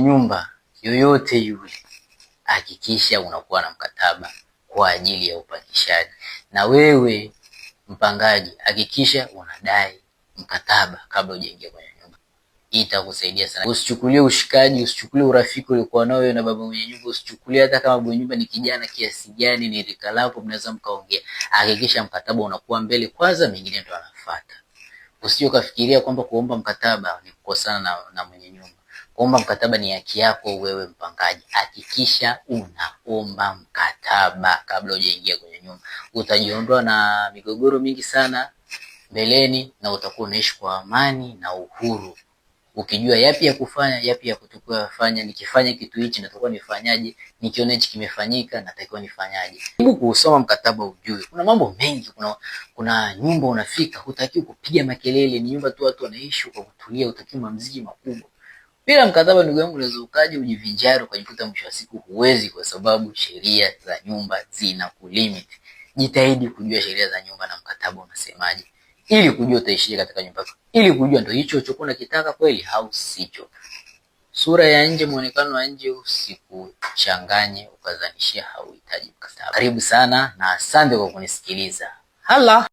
nyumba yoyote yule, hakikisha unakuwa na mkataba kwa ajili ya upangishaji, na wewe mpangaji hakikisha unadai mkataba kabla hujaingia kwenye nyumba. Hii itakusaidia sana. Usichukulie ushikaji, usichukulie urafiki uliokuwa nao na baba mwenye nyumba, usichukulie hata kama mwenye nyumba ni kijana kiasi gani, ni rika lako, mnaweza mkaongea. Hakikisha mkataba unakuwa mbele kwanza, mengine ndo anafuata. Usije ukafikiria kwamba kuomba mkataba ni kukosana na, na mwenye nyumba. Kuomba mkataba ni haki yako wewe mpangaji. Hakikisha unaomba mkataba kabla hujaingia kwenye nyumba, utajiondoa na migogoro mingi sana mbeleni, na utakuwa unaishi kwa amani na uhuru, ukijua yapi ya kufanya, yapi ya kutokuwa fanya. Nikifanya kitu hichi natakuwa nifanyaje? Nikiona hichi kimefanyika natakiwa nifanyaje? Hebu kusoma mkataba ujue, kuna mambo mengi. Kuna, kuna nyumba unafika, hutakiwi kupiga makelele, ni nyumba tu watu wanaishi kwa kutulia, hutakiwi mamziki makubwa bila mkataba, ndugu yangu, unaweza ukaja ujivinjari ukajikuta mwisho wa siku huwezi, kwa sababu sheria za nyumba zina kulimit. Jitahidi kujua sheria za nyumba na mkataba unasemaje, ili kujua utaishije katika nyumba yako, ili kujua ndo hicho kuna kitaka kweli au sicho. Sura ya nje, muonekano wa nje usikuchanganye ukazanishia hauhitaji mkataba. Karibu sana na asante kwa kunisikiliza. Hala.